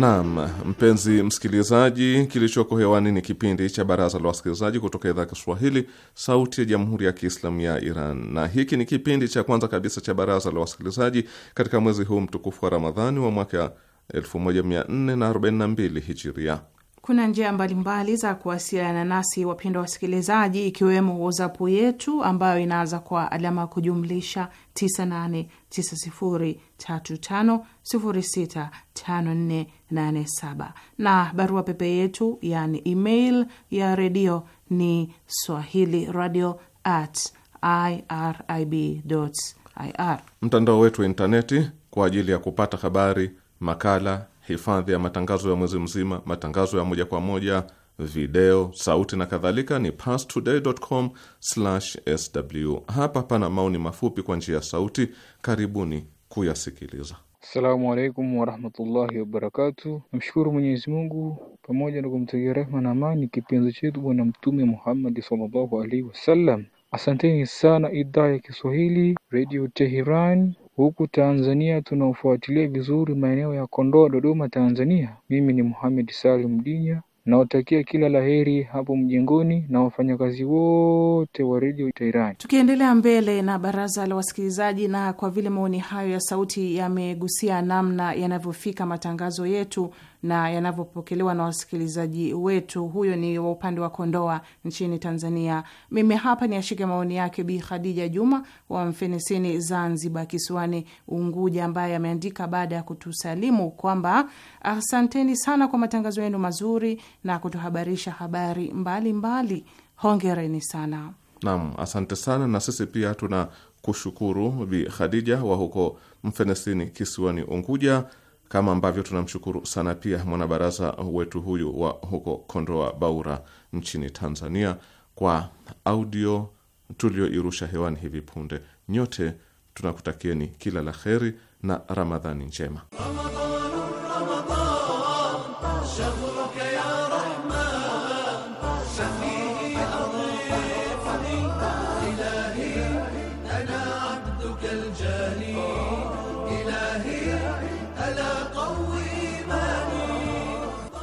Naam, mpenzi msikilizaji, kilichoko hewani ni kipindi cha Baraza la Wasikilizaji kutoka idhaa ya Kiswahili, Sauti ya Jamhuri ya Kiislamu ya Iran, na hiki ni kipindi cha kwanza kabisa cha Baraza la Wasikilizaji katika mwezi huu mtukufu wa Ramadhani wa mwaka 1442 Hijiria. Kuna njia mbalimbali za kuwasiliana nasi, wapendwa wasikilizaji, ikiwemo WhatsApp yetu ambayo inaanza kwa alama ya kujumlisha 989035065487 na barua pepe yetu yani email ya redio ni swahili radio at irib ir. Mtandao wetu wa intaneti kwa ajili ya kupata habari, makala hifadhi ya matangazo ya mwezi mzima, matangazo ya moja kwa moja, video, sauti na kadhalika ni pastoday.com/sw. Hapa pana maoni mafupi kwa njia ya sauti, karibuni kuyasikiliza. Assalamu alaikum warahmatullahi wabarakatu. Namshukuru Mwenyezi Mungu pamoja na kumtakia rehma na amani kipenzi chetu Bwana Mtume Muhammadi sallallahu alaihi wasallam. Asanteni sana idhaa ya Kiswahili Radio Teheran huku Tanzania tunaofuatilia vizuri maeneo ya Kondoa Dodoma Tanzania mimi ni Mohamed Salim Dinya nawatakia kila laheri hapo mjengoni na wafanyakazi wote wa redio Teherani. Tukiendelea mbele na baraza la wasikilizaji, na kwa vile maoni hayo ya sauti yamegusia namna yanavyofika matangazo yetu, na yanavyopokelewa na wasikilizaji wetu. Huyo ni wa upande wa Kondoa nchini Tanzania. Mimi hapa ni ashike maoni yake Bi Khadija Juma wa Mfenesini, Zanzibar, kisiwani Unguja, ambaye ameandika baada ya kutusalimu kwamba asanteni sana kwa matangazo yenu mazuri na kutuhabarisha habari mbalimbali. Hongereni sana. Naam, asante sana. Na sisi pia tuna kushukuru Bi Khadija wa huko Mfenesini, kisiwani Unguja kama ambavyo tunamshukuru sana pia mwanabaraza wetu huyu wa huko Kondoa Baura nchini Tanzania kwa audio tulioirusha hewani hivi punde. Nyote tunakutakieni kila la kheri na Ramadhani njema Ramadan, Ramadan,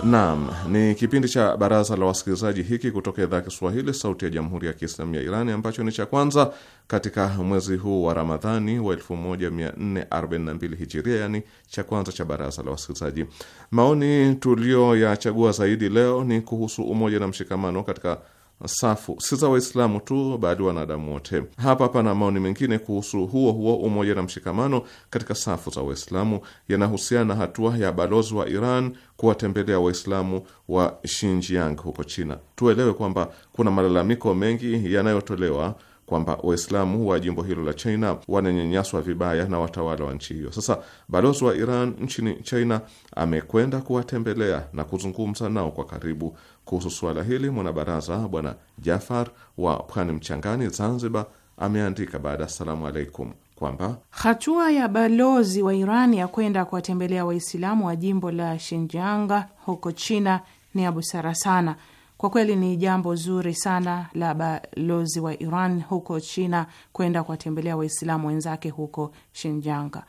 Naam, ni kipindi cha baraza la wasikilizaji hiki kutoka idhaa ya Kiswahili sauti ya Jamhuri ya Kiislamu ya Iran ambacho ni cha kwanza katika mwezi huu wa Ramadhani wa 1442 Hijiria, yani cha kwanza cha baraza la wasikilizaji. Maoni tuliyoyachagua zaidi leo ni kuhusu umoja na mshikamano katika safu si za Waislamu tu bali wanadamu wote. Hapa pana maoni mengine kuhusu huo huo umoja na mshikamano katika safu za Waislamu yanahusiana na hatua ya balozi wa Iran kuwatembelea Waislamu wa Xinjiang huko China. Tuelewe kwamba kuna malalamiko mengi yanayotolewa kwamba Waislamu wa jimbo hilo la China wananyanyaswa vibaya na watawala wa nchi hiyo. Sasa balozi wa Iran nchini China amekwenda kuwatembelea na kuzungumza nao kwa karibu kuhusu suala hili. Mwanabaraza Bwana Jafar wa Pwani Mchangani, Zanzibar, ameandika baada ya salamu alaikum kwamba hatua ya balozi wa Iran ya kwenda kuwatembelea Waislamu wa jimbo la Shinjanga huko China ni ya busara sana kwa kweli ni jambo zuri sana la balozi wa Iran huko China kwenda kuwatembelea Waislamu wenzake huko Shinjanga.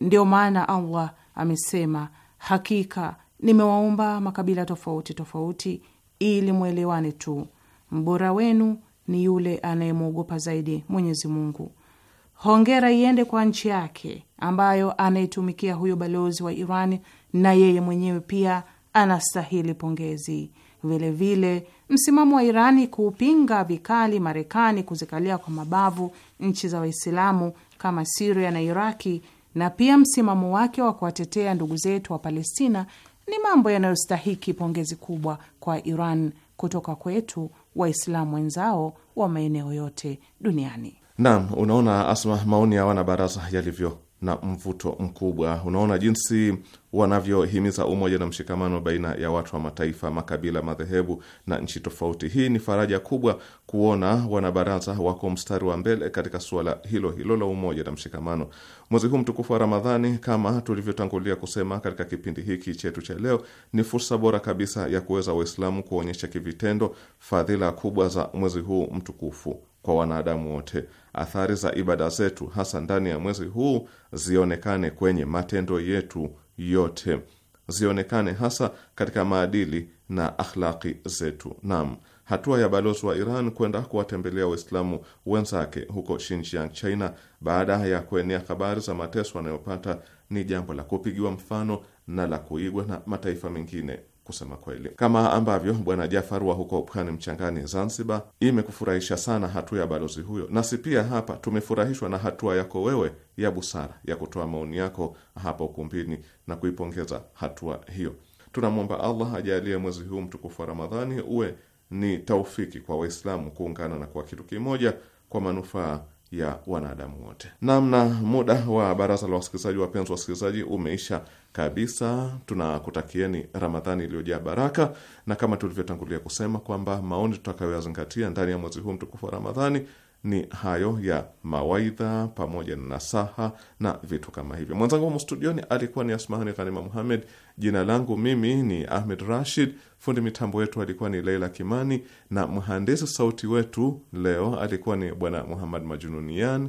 Ndio maana Allah amesema, hakika nimewaumba makabila tofauti tofauti ili mwelewane tu, mbora wenu ni yule anayemwogopa zaidi Mwenyezi Mungu. Hongera iende kwa nchi yake ambayo anaitumikia huyo balozi wa Iran, na yeye mwenyewe pia anastahili pongezi. Vilevile msimamo wa Irani kuupinga vikali Marekani kuzikalia kwa mabavu nchi za Waislamu kama Siria na Iraki na pia msimamo wake wa kuwatetea ndugu zetu wa Palestina ni mambo yanayostahiki pongezi kubwa kwa Iran kutoka kwetu Waislamu wenzao wa maeneo yote duniani. Naam, unaona Asma, maoni ya wanabaraza yalivyo na mvuto mkubwa. Unaona jinsi wanavyohimiza umoja na mshikamano baina ya watu wa mataifa, makabila, madhehebu na nchi tofauti. Hii ni faraja kubwa kuona wanabaraza wako mstari wa mbele katika suala hilo hilo la umoja na mshikamano. Mwezi huu mtukufu wa Ramadhani, kama tulivyotangulia kusema katika kipindi hiki chetu cha leo, ni fursa bora kabisa ya kuweza Waislamu kuonyesha kivitendo fadhila kubwa za mwezi huu mtukufu kwa wanadamu wote. Athari za ibada zetu hasa ndani ya mwezi huu zionekane kwenye matendo yetu yote, zionekane hasa katika maadili na akhlaki zetu. Naam, hatua ya balozi wa Iran kwenda kuwatembelea Waislamu wenzake huko Xinjiang, China, baada ya kuenea habari za mateso wanayopata ni jambo la kupigiwa mfano na la kuigwa na mataifa mengine kusema kweli. Kama ambavyo Bwana Jafar wa huko Pwani Mchangani, Zanzibar, imekufurahisha sana hatua ya balozi huyo, nasi pia hapa tumefurahishwa na hatua yako wewe ya busara ya kutoa maoni yako hapa ukumbini na kuipongeza hatua hiyo. Tunamwomba Allah ajalie mwezi huu mtukufu wa Ramadhani uwe ni taufiki kwa Waislamu kuungana na kwa kitu kimoja kwa manufaa ya wanadamu wote. Namna muda wa baraza la wasikilizaji, wapenzi wasikilizaji, umeisha kabisa. Tunakutakieni Ramadhani iliyojaa baraka, na kama tulivyotangulia kusema kwamba maoni tutakayoyazingatia ndani ya mwezi huu mtukufu wa Ramadhani ni hayo ya mawaidha pamoja na nasaha na vitu kama hivyo. Mwenzangu humu studioni alikuwa ni Asmahani Ghanima Muhamed. Jina langu mimi ni Ahmed Rashid. Fundi mitambo wetu alikuwa ni Leila Kimani, na mhandisi sauti wetu leo alikuwa ni Bwana Muhammad Majununian.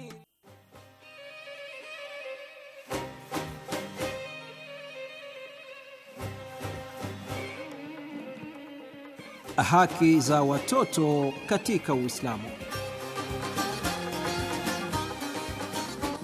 haki za watoto katika Uislamu.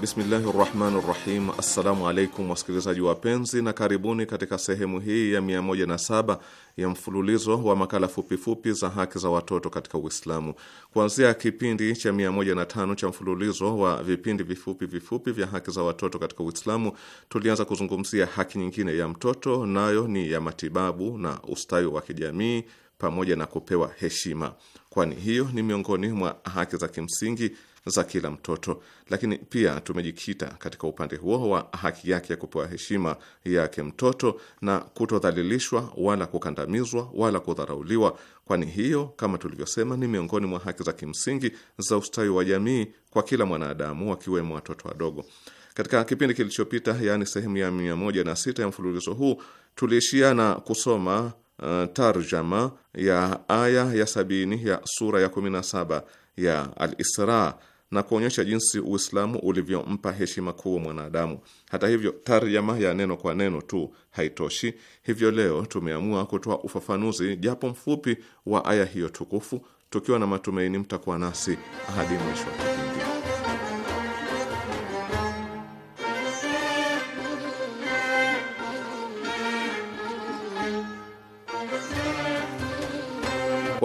Bismillahi rahmani rahim. Assalamu alaikum wasikilizaji wapenzi, na karibuni katika sehemu hii ya 107 ya mfululizo wa makala fupifupi za haki za watoto katika Uislamu. Kuanzia kipindi cha 105 cha mfululizo wa vipindi vifupi vifupi vya haki za watoto katika Uislamu, tulianza kuzungumzia haki nyingine ya mtoto, nayo ni ya matibabu na ustawi wa kijamii pamoja na kupewa heshima, kwani hiyo ni miongoni mwa haki za kimsingi za kila mtoto. Lakini pia tumejikita katika upande huo wa haki yake ya kupewa heshima yake mtoto na kutodhalilishwa wala kukandamizwa wala kudharauliwa, kwani hiyo, kama tulivyosema, ni miongoni mwa haki za kimsingi za ustawi wa jamii kwa kila mwanadamu, wakiwemo watoto wadogo. Katika kipindi kilichopita, yaani sehemu ya mia moja na sita ya mfululizo huu tuliishia na kusoma Eh, tarjama ya aya ya sabini ya sura ya 17 ya Al-Isra na kuonyesha jinsi Uislamu ulivyompa heshima kubwa mwanadamu. Hata hivyo, tarjama ya neno kwa neno tu haitoshi, hivyo leo tumeamua kutoa ufafanuzi japo mfupi wa aya hiyo tukufu, tukiwa na matumaini mtakuwa nasi hadi mwisho.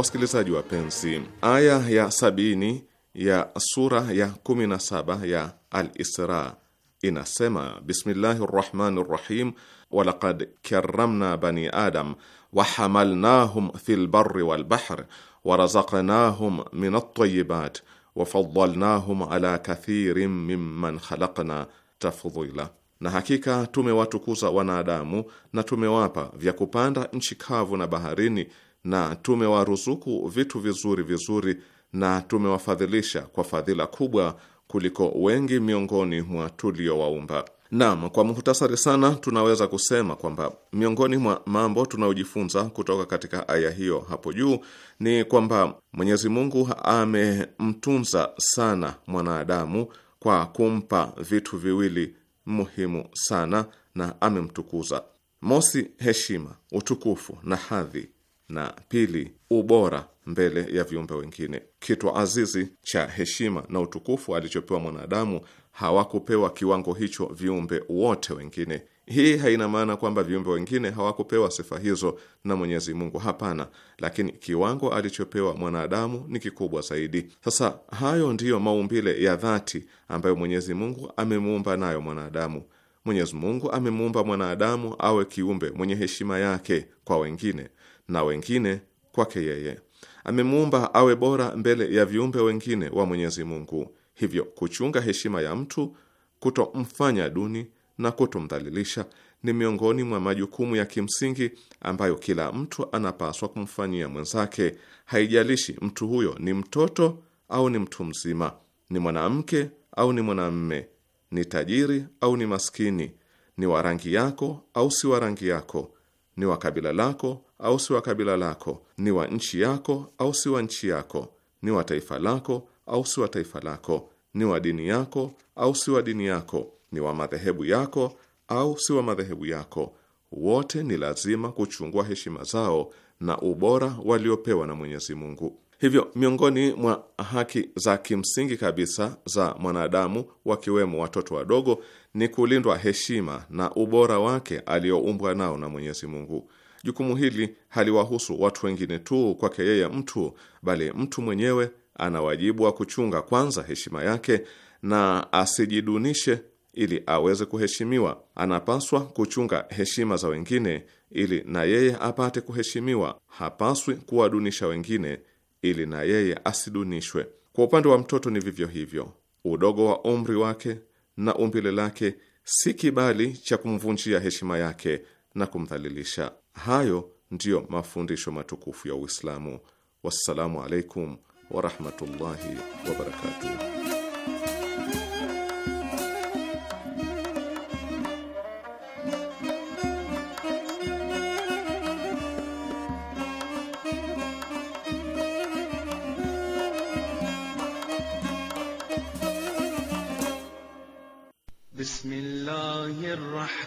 wasikilizaji wapenzi, aya ya sabini ya sura ya kumi na saba ya Al-Isra inasema: bismillahi rahmani rahim walaqad karamna bani adam wahamalnahum fi lbari walbahr warazaqnahum min altayibat wafadalnahum ala kathirin mimman khalaqna tafdhila, na hakika tumewatukuza wanadamu na tumewapa vya kupanda nchi kavu na baharini na tumewaruzuku vitu vizuri vizuri na tumewafadhilisha kwa fadhila kubwa kuliko wengi miongoni mwa tuliowaumba. Naam, kwa muhtasari sana tunaweza kusema kwamba miongoni mwa mambo tunayojifunza kutoka katika aya hiyo hapo juu ni kwamba Mwenyezi Mungu amemtunza sana mwanadamu kwa kumpa vitu viwili muhimu sana na amemtukuza. Mosi, heshima, utukufu na hadhi na pili, ubora mbele ya viumbe wengine. Kitu azizi cha heshima na utukufu alichopewa mwanadamu hawakupewa kiwango hicho viumbe wote wengine. Hii haina maana kwamba viumbe wengine hawakupewa sifa hizo na Mwenyezi Mungu. Hapana, lakini kiwango alichopewa mwanadamu ni kikubwa zaidi. Sasa hayo ndiyo maumbile ya dhati ambayo Mwenyezi Mungu amemuumba nayo mwanadamu. Mwenyezi Mungu amemuumba mwanadamu awe kiumbe mwenye heshima yake kwa wengine na wengine kwake yeye. Amemuumba awe bora mbele ya viumbe wengine wa Mwenyezi Mungu, hivyo kuchunga heshima ya mtu, kutomfanya duni na kutomdhalilisha ni miongoni mwa majukumu ya kimsingi ambayo kila mtu anapaswa kumfanyia mwenzake, haijalishi mtu huyo ni mtoto au ni mtu mzima, ni mwanamke au ni mwanamme, ni tajiri au ni maskini, ni wa rangi yako au si wa rangi yako, ni wa kabila lako au si wa kabila lako, ni wa nchi yako au si wa nchi yako, ni wa taifa lako au si wa taifa lako, ni wa dini yako au si wa dini yako, ni wa madhehebu yako au si wa madhehebu yako. Wote ni lazima kuchungua heshima zao na ubora waliopewa na Mwenyezi Mungu. Hivyo, miongoni mwa haki za kimsingi kabisa za mwanadamu, wakiwemo watoto wadogo, ni kulindwa heshima na ubora wake aliyoumbwa nao na Mwenyezi Mungu. Jukumu hili haliwahusu watu wengine tu kwake yeye mtu, bali mtu mwenyewe ana wajibu wa kuchunga kwanza heshima yake na asijidunishe ili aweze kuheshimiwa. Anapaswa kuchunga heshima za wengine ili na yeye apate kuheshimiwa. Hapaswi kuwadunisha wengine ili na yeye asidunishwe. Kwa upande wa mtoto ni vivyo hivyo. Udogo wa umri wake na umbile lake si kibali cha kumvunjia heshima yake na kumdhalilisha. Hayo ndiyo mafundisho matukufu ya Uislamu. Wassalamu alaikum warahmatullahi wabarakatuh.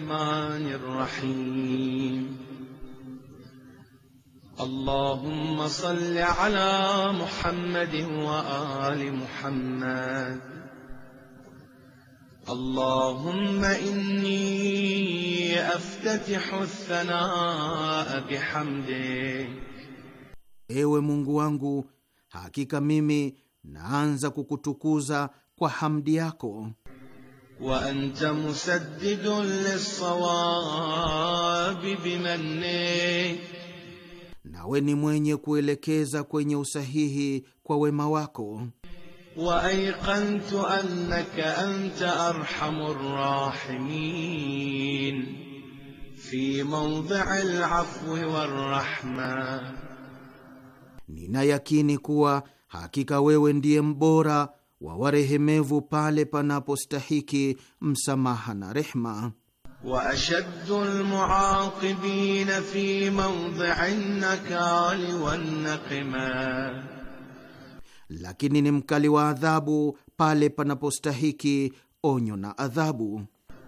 الرحمن الرحيم اللهم صل على محمد وآل محمد اللهم إني أفتتح الثناء بحمدك Ewe Mungu wangu, hakika mimi naanza kukutukuza kwa hamdi yako. وأنت مسدد للصواب بمنك nawe ni mwenye kuelekeza kwenye usahihi kwa wema wako. wa waaiqantu annaka anta arhamur rahimin fi mawdii alafwi warrahma, nina yakini kuwa hakika wewe ndiye mbora wa warehemevu pale panapostahiki msamaha na rehma. Wa ashaddu almuaqibina fi mawdhi'in nakali wan naqima, lakini ni mkali wa adhabu pale panapostahiki onyo na adhabu.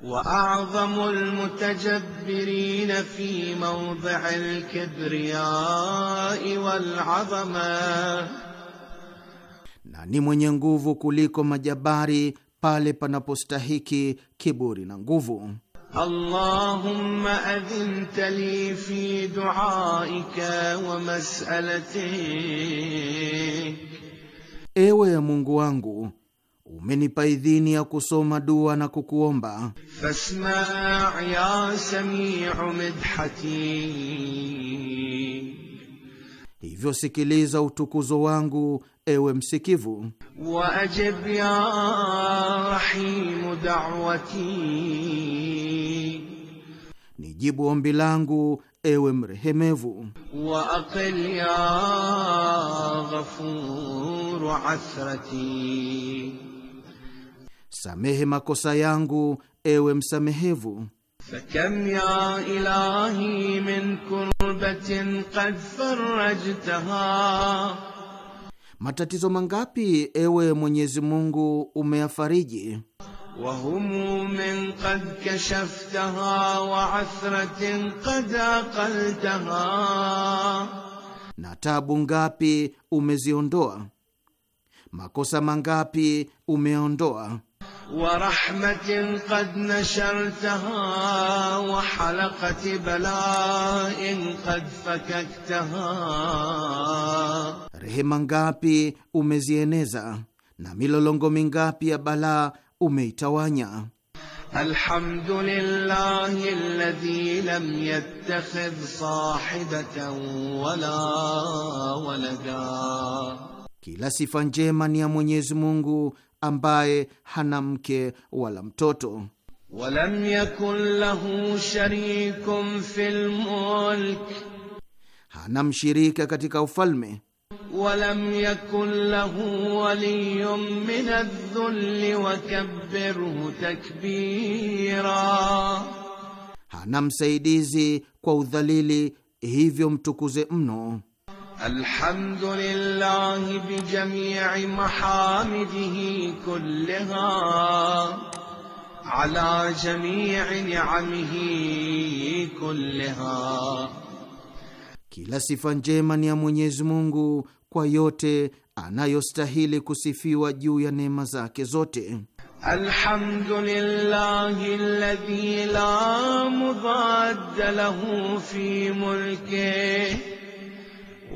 Wa a'zamu almutajabbirina fi mawdhi'il kibriya wal 'azama na ni mwenye nguvu kuliko majabari pale panapostahiki kiburi na nguvu. Allahumma adhinta li fi duaika wa masalati, ewe Mungu wangu umenipa idhini ya kusoma dua na kukuomba. Fasma ya samiu midhati hivyo sikiliza utukuzo wangu, ewe msikivu. Waajab ya rahimu dawati, nijibu ombi langu, ewe mrehemevu. Wa aqil ya ghafuru asrati, samehe makosa yangu, ewe msamehevu. فكم يا إلهي من كربة قد فرجتها Matatizo mangapi ewe Mwenyezi Mungu umeyafariji, wahumumin qad kashaftaha wa athratin qad aqaltaha, na tabu ngapi umeziondoa, makosa mangapi umeondoa ورحمة قد نشرتها وحلقة بلاء قد فككتها Rehema ngapi umezieneza na milolongo mingapi ya balaa umeitawanya. Alhamdulillahi alladhi lam yattakhidh sahibatan wala walada, kila sifa njema ni ya Mwenyezi Mungu ambaye hana mke wala mtoto. walam yakun lahu sharikun fil mulk, hana mshirika katika ufalme. walam yakun lahu min adh-dhulli takbira, hana msaidizi kwa udhalili, hivyo mtukuze mno. الحمد لله بجميع محامده كلها على جميع نعمه كلها كلا sifa njema يا ya Mwenyezi kwa yote anayostahili kusifiwa juu ya neema zake zote. Alhamdulillahi alladhi la mudadda lahu fi mulkihi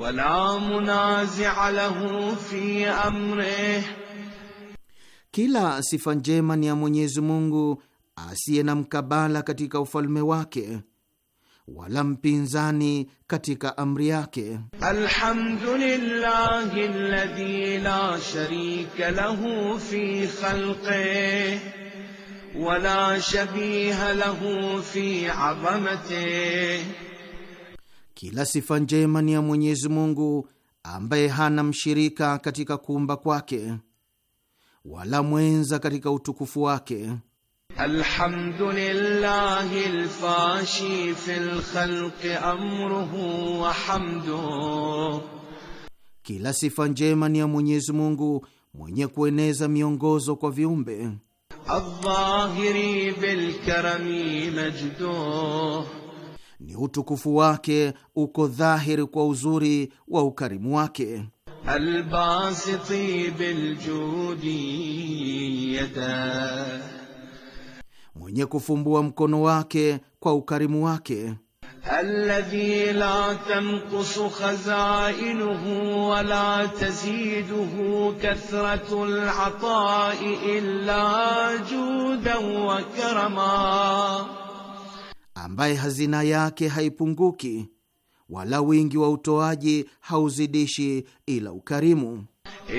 ولا منازع له في امره kila sifa njema ni ya Mwenyezi Mungu asiye na mkabala katika ufalme wake wala mpinzani katika amri yake. Alhamdulillahi alladhi la sharika lahu fi khalqi wala shabiha lahu fi azamatihi kila sifa njema ni ya Mwenyezi Mungu ambaye hana mshirika katika kuumba kwake wala mwenza katika utukufu wake. Alhamdulillahi alfashi fil khalqi amruhu wa kila sifa njema ni ya Mwenyezi Mungu mwenye kueneza miongozo kwa viumbe. bilkarami majduh ni utukufu wake uko dhahiri kwa uzuri wa ukarimu wake. Mwenye kufumbua mkono wake kwa ukarimu wake. Alladhi la tanqusu khazainuhu wa la taziduhu kathratul illa judan wa karama ambaye hazina yake haipunguki wala wingi wa utoaji hauzidishi ila ukarimu.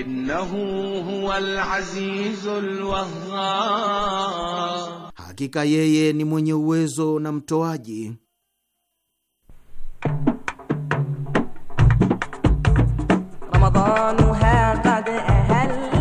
Innahu azizul wahhab, hakika yeye ni mwenye uwezo na mtoaji. Ramadhanu ha qad ahalla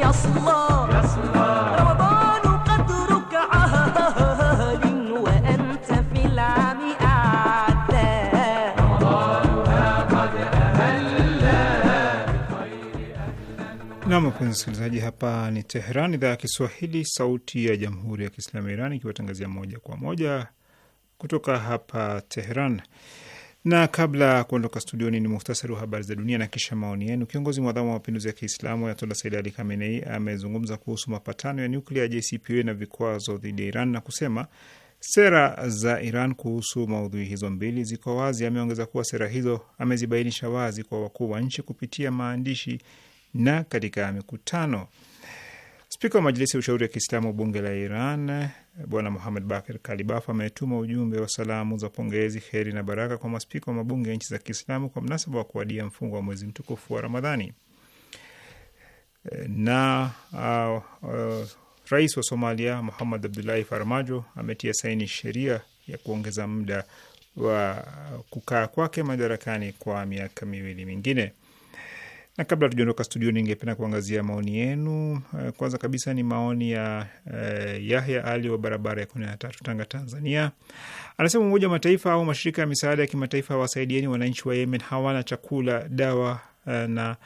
يصلى Nam, wapenzi msikilizaji, hapa ni Tehran, idhaa ya Kiswahili, sauti ya jamhuri ya kiislamu ya Iran, ikiwatangazia moja kwa moja kutoka hapa Tehran. Na kabla ya kuondoka studioni, ni muhtasari wa habari za dunia na kisha maoni yenu. Kiongozi mwadhamu wa mapinduzi ya Kiislamu Ayatollah Said Ali Khamenei amezungumza kuhusu mapatano ya nyuklia ya JCPOA na vikwazo dhidi ya Iran na kusema sera za Iran kuhusu maudhui hizo mbili ziko wazi. Ameongeza kuwa sera hizo amezibainisha wazi kwa wakuu wa nchi kupitia maandishi na katika mikutano. Spika wa Majlisi ya Ushauri wa Kiislamu wa Bunge la Iran Bwana Muhamed Bakir Kalibaf ametuma ujumbe wa salamu za pongezi, heri na baraka kwa maspika wa mabunge ya nchi za Kiislamu kwa mnasaba wa kuadia mfungo wa mwezi mtukufu wa Ramadhani. Na uh, uh, rais wa Somalia Muhammad abdulahi Farmajo ametia saini sheria ya kuongeza muda wa kukaa kwake madarakani kwa miaka miwili mingine. Na kabla tujaondoka studio, ningependa kuangazia maoni yenu. Eh, kwanza kabisa ni maoni ya eh, Yahya Ali wa barabara ya kumi na tatu, Tanga, Tanzania. Anasema Umoja wa Mataifa au mashirika ya misaada ya kimataifa wasaidieni wananchi wa Yemen, hawana chakula, dawa eh, na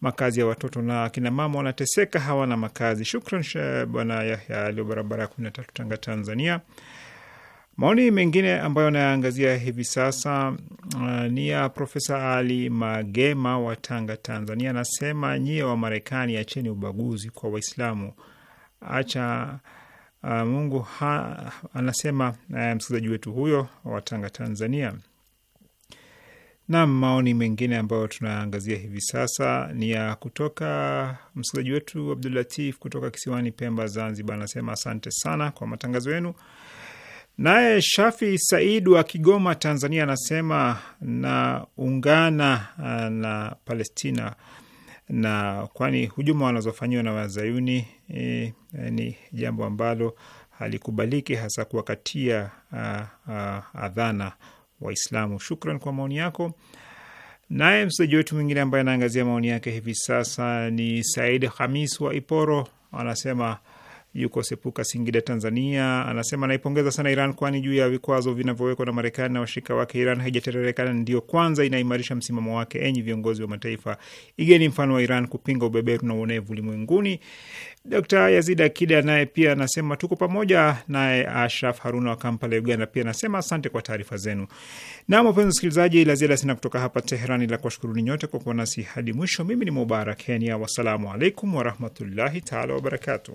makazi ya watoto na akina mama wanateseka, hawana makazi. Shukran eh, bwana Yahya Ali wa barabara ya kumi na tatu, Tanga, Tanzania. Maoni mengine ambayo nayaangazia hivi sasa uh, ni ya Profesa Ali Magema wa Tanga, Tanzania. Anasema nyie wa Marekani acheni ubaguzi kwa Waislamu, acha uh, Mungu ha, anasema uh, msikilizaji wetu huyo wa Tanga, Tanzania. Na maoni mengine ambayo tunaangazia hivi sasa ni ya kutoka msikilizaji wetu Abdulatif kutoka kisiwani Pemba, Zanzibar. Anasema asante sana kwa matangazo yenu Naye Shafi Said wa Kigoma, Tanzania, anasema naungana uh, na Palestina na kwani hujuma wanazofanyiwa na wazayuni e, ni jambo ambalo halikubaliki, hasa kuwakatia uh, uh, adhana Waislamu. Shukran kwa maoni yako. Naye msikilizaji wetu mwingine ambaye anaangazia maoni yake hivi sasa ni Said Hamis wa Iporo, anasema yuko Sepuka, Singida, Tanzania, anasema naipongeza sana Iran kwani juu ya vikwazo vinavyowekwa na Marekani na washirika wake Iran haijatetereka, ndio kwanza inaimarisha msimamo wake. Enyi viongozi wa mataifa, igeni mfano wa Iran kupinga ubeberu na uonevu ulimwenguni. Dkt Yazid Akida naye pia anasema tuko pamoja naye. Ashraf Haruna wa Kampala, Uganda, pia anasema asante kwa taarifa zenu. Na wapenzi wasikilizaji, la ziada sina kutoka hapa Teherani, la kuwashukuruni nyote kwa kuwa nasi hadi mwisho. Mimi ni Mubarak Kenya, wassalamu alaikum warahmatullahi taala wabarakatuh.